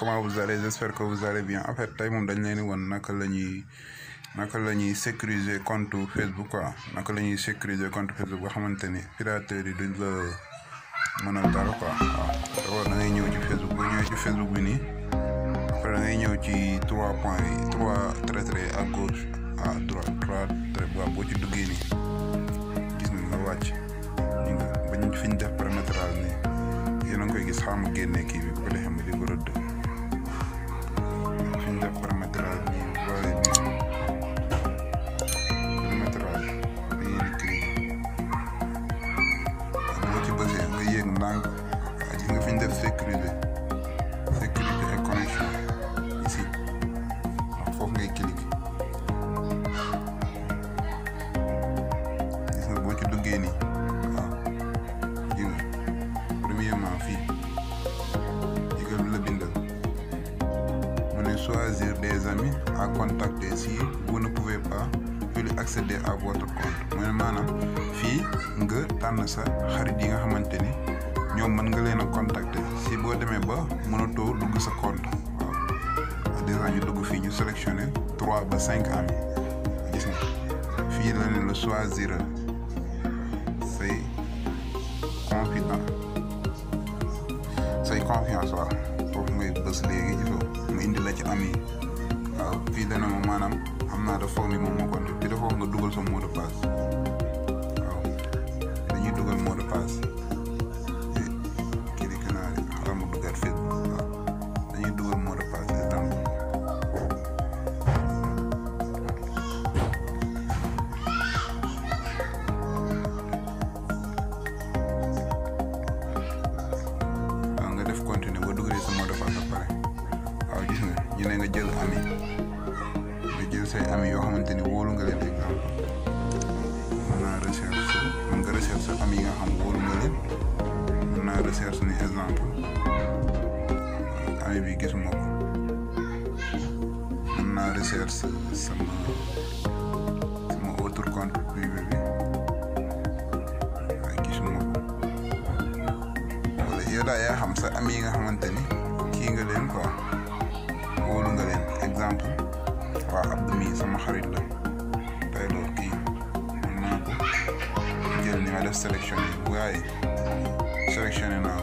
comment vous allez j'espère que vous allez bien en fait tey moom dañ leen woon naka la ñuy naka la ñuy sécuriser compte Facebook quoi naka la ñuy sécuriser compte Facebook ba xamante ni pirateur yi duñ la mën a dara quoi waaw d'abord da ñëw ci Facebook boo ñëwee ci Facebook bi ni après da ngay ñëw ci trois points yi trois traits traits à gauche à droite trois traits waaw ci duggee nii gis nga nga def paramétrage nii yéen a ngi koy gis xaaral génne kii accéder à votre compte mooy maanaam fii nga tànn sa xarit yi nga xamante ni ñoom mën nga leen a contacter si boo demee ba mënatoo dugg sa compte waaw dèjà ñu dugg fii ñu sélectionné trois ba cinq amis gis nga fii la ne la choisir say say confiance waaw foofu ngay bës léegi gisoo mu indi la ci ami waaw fii dana ma maanaam xam naa dafa foog ni moom moo ko te dafa wax nga dugal sa mot de passe waaw dañuy dugal mot de passe te kii di kanaari xaram mu dugaat fépp waaw dañuy dugal mot de passe exemple waaw nga def continuer ba dugalee sa mot de passe ba pare waaw gis nga ñu ne ami yoo xamante ni wóolu nga bi gisuma ko mën naa recherche sama sama autre compte privé bi gisuma ko wala yow daal yaa xam sa ami yi nga xamante ni waaw Abdou mii sama xarit la tey loolu kii mën naa ma def sélectionné waaye sélectionné naa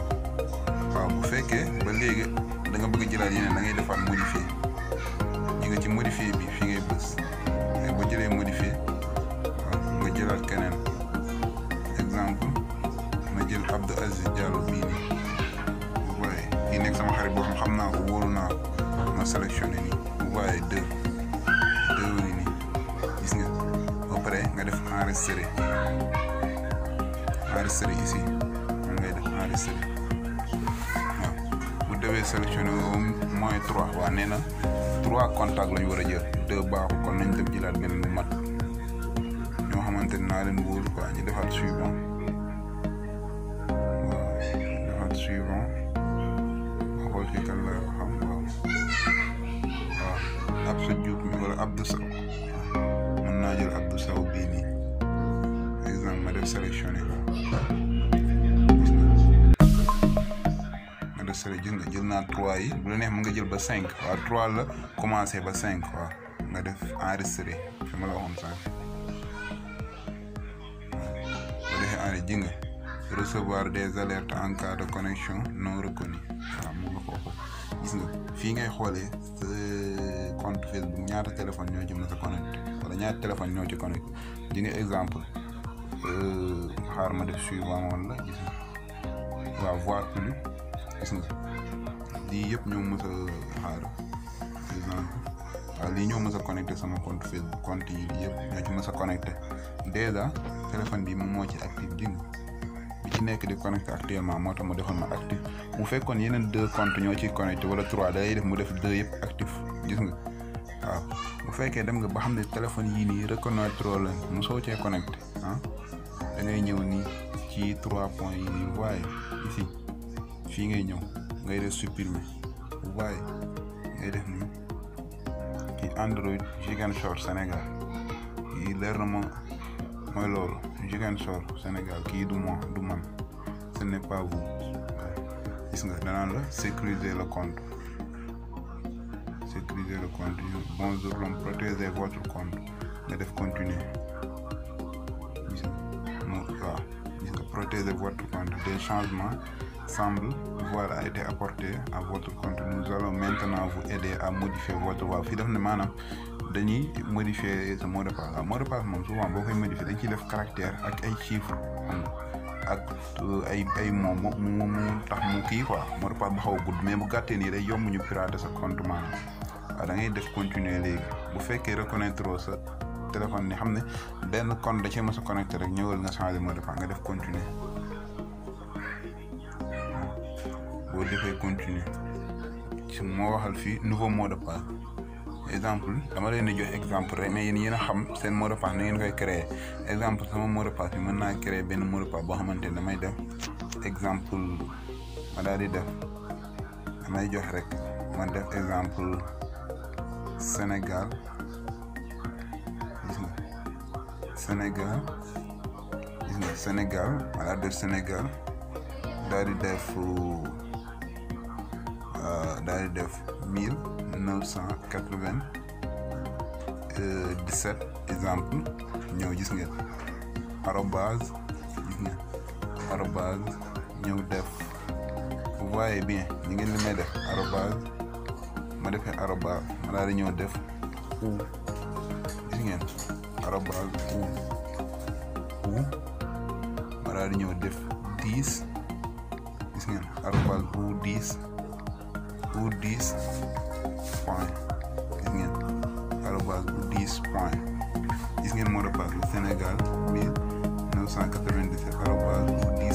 ko bu fekkee ba léegi da nga bëgg jëlaat yeneen da ngay defaat modifié enregistré ici moom ngay def enregistré waaw bu demee sélectionné moins trois waa nee na trois contacts la ñu war a jël deux baaxul kon nañ dem jëlaat beneen bu mat ñoo xamante ne naa leen wóolu quoi ñu defaat suivant. sélectionné nga def sélectionné gis nga jël naa trois yi bu la neex mën nga jël ba cinq waaw trois la commencé ba cinq waaw nga def enregistré fi ma la des alertes en cas de connexion non reconnue fii ngay xoolee sa compte Facebook ñaata téléphone ñoo jëm na sa connecté wala ñaata téléphone ñoo ci connecté di exemple xaar ma def suivant wala gis nga waaw voir plus gis lii yëpp ñoo mës a xaar waaw lii ñoo mës connecté sama compte Facebook compte yi lii yëpp ñoo ci connecté déjà téléphone bi moom moo ci active ji nga bi ci nekk di connecté actuellement moo tax mu defoon ma actif bu fekkoon yeneen deux comptes ñoo ciy connecté wala trois day def mu def deux yëpp actif gis nga waaw bu fekkee dem nga ba xam ne téléphone yii nii reconnaître la mu soo cee connecté ah. da ngay ñëw nii ci trois points yi nii waaye ici fii ngay ñëw ngay def supprimer waaye ngay def nii ci Android Ziguinchor Sénégal yi leer na ma mooy loolu Ziguinchor Sénégal kii du ma du man pas vous gis nga danaan la sécuriser le compte sécuriser le compte bonjour l'homme protégez votre compte nga def continuer de votre compte des changements semblent voir a été apporté à votre compte nous allons maintenant vous aider à modifier votre waaw fii de ne maanaam modifier sa mot de passe mot de passe moom souvent boo modifier dañ caractère à ay chiffres à euh, ay ay moom mon mu tax mu kii quoi mot de passe ba xaw a gudd mais bu gàttee nii day yomb ñu pirater sa compte maanaam à ngay def continuer léegi bu fekkee reconnaître ça téléphone ni xam ne benn compte da cee mos a connecté rek ñëwal nga changé mot de nga def continuer boo defee continuer ci moo waxal nouveau mode de passe exemple dama leen di jox exemple rek mais yéen yéen a xam seen mot de passe na ngeen koy créer exemple sama mot de passe bi mën naa créer benn mot de damay def exemple ma daal di def damay jox rek ma def exemple Sénégal Sénégal gis nga Sénégal à de Sénégal daal def euh, daal di def mille neuf cent quatre vingt dix sept exemple ñëw gis nga arobase gis nga def vous bien ñu ngeen li may def arobase ma defee arobase ma daal di ñëw def u gis marabal home ma daal di def dix gis ngeen arobal who this who dix point gis ngeen arobal who dix point gis ngeen moo de passe 1997 arobal who dix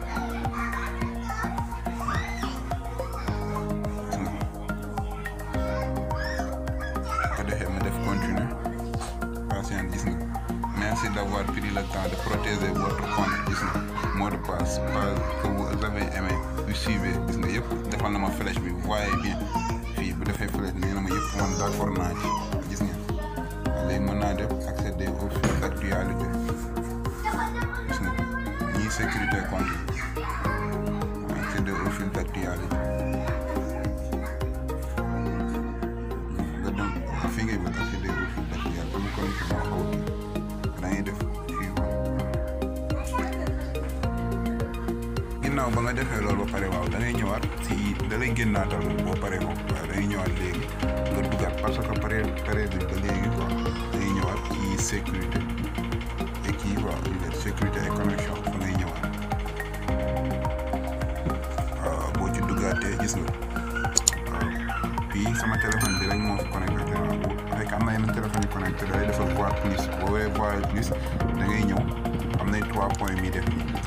merci d'avoir pris le temps de protéger votre compte gis nga mot de passe parce que vous avez aimé vous suivez gis nga yëpp defal na ma flèche bi voyez bien fii bu defee flèche bi nee na ma yëpp man d'accord naa ci gis nga léegi mën naa def accéder au fil d'actualité gis nga ñii sécurité compte ginnaaw ba nga defee loolu ba pare waaw da ñëwaat si da lay génnaatal boo pare moom waaw da ngay ñëwaat léegi nga dugaat parce que pare pare bi ba léegi quoi da ngay ñëwaat ci sécurité et kii quoi sécurité et connexion fa ngay ñëwaat waaw boo ci duggaatee gis nga waaw fii sama téléphone bi rek moo fi connecté waaw bu fekk am na yeneen da lay defal voix plus boo woowee voix plus da ñëw am nay trois points mi def nii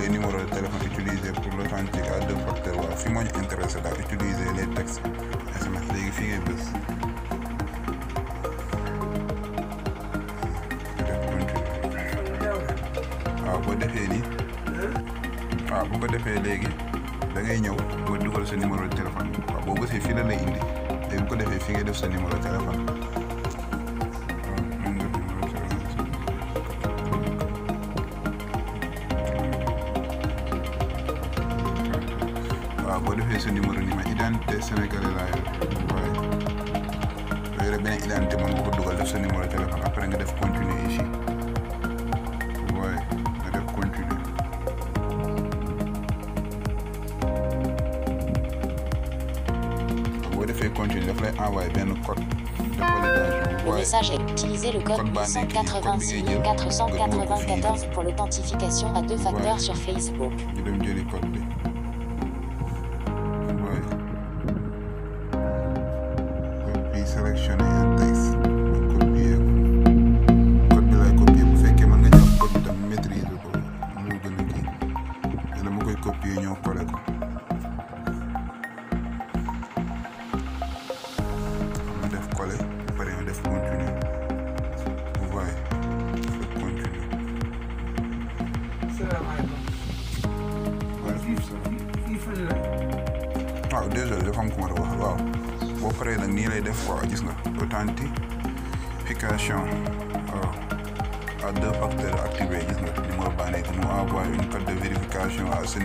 les numéros de téléphone utilisés pour l'authentique à deux facteurs waaw fi moo ñu intéressé à utiliser les textes SMS léegi fi ngay bës waaw boo defee bu ko defee léegi da ngay ñëw boo dugal sa numéro de téléphone waaw boo bësee fii la lay indi léegi bu ko defee fi ngay def sa numéro de téléphone boo defee sa numéro ni ma identité sénégalais laa yor waaye yore beneen identité mën nga ko dugal def sa numéro téléphone après nga def continuer ici waaye nga def continuer boo defee continuer daf lay ah, envoyé benn code de validation Le message est utilisé le code 886 494 pour l'authentification à deux facteurs sur Facebook. paree nag nii lay def quoi gis nga authentification à deux facteurs a gis nga numéro baa nekk mu envoyé une code de vérification à ce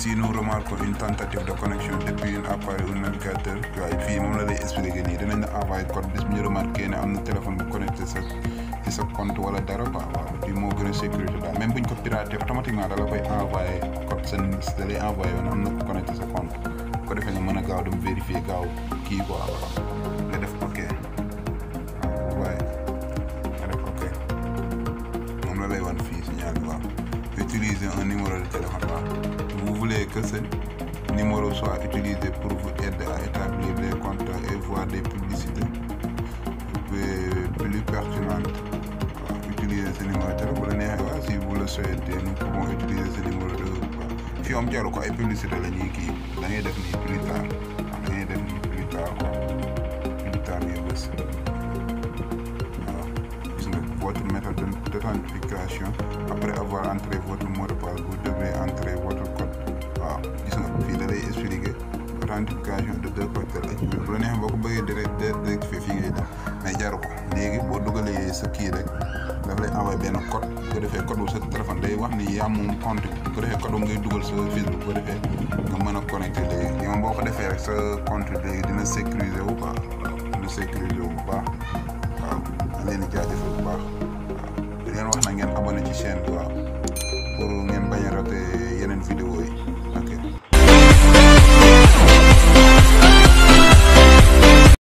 si nu remarquons une tentative de connexion depuis un appareil ou un navigateur moom la lay expliqué nii dinañ la envoyé code bis bu ñu remarqué am na téléphone bu connecté sa compte wala dara quoi moo gën a sécurité daal même bu ñu ko piraté automatiquement da a koy envoyé code sa da lay envoyé am na ko sa bu ko defee nga mën a gaaw dem kii quoi nga def ok waaye nga def ok moom la lay wan fii signal bi waaw utiliser un numéro de téléphone vous voulez que ce numéro soit utilisé pour vous aider à établir les comptes et voir des publicités plus pertinentes Utilisez utiliser ce numéro de téléphone si vous le souhaitez nous pouvons utiliser ce numéro de fii am jaru ko ay publicité la ñuy kii da def nii plus tard def votre méthode d'authentification après avoir entré votre mot de passe vous devez entrer votre code Ah, ils nga fii et lay expliquer authentification de deux côtés. ak yooyu bu la neexee boo ko bëggee direct direct fii ngay dem mais jaru ko léegi boo dugalee sa kii rek daf lay envoyé benn code bu ko defee code sa téléphone day wax ni yaa moom compte bu ko ngay dugal sa Facebook bu nga mën a connecté léegi boo ko defee rek sa compte léegi dina sécuriser wu ba dina sécuriser wu bu baax waaw da leen di jaajëfal bu wax na ngeen abonné ci chaîne bi waaw pour ngeen bañ a yeneen vidéo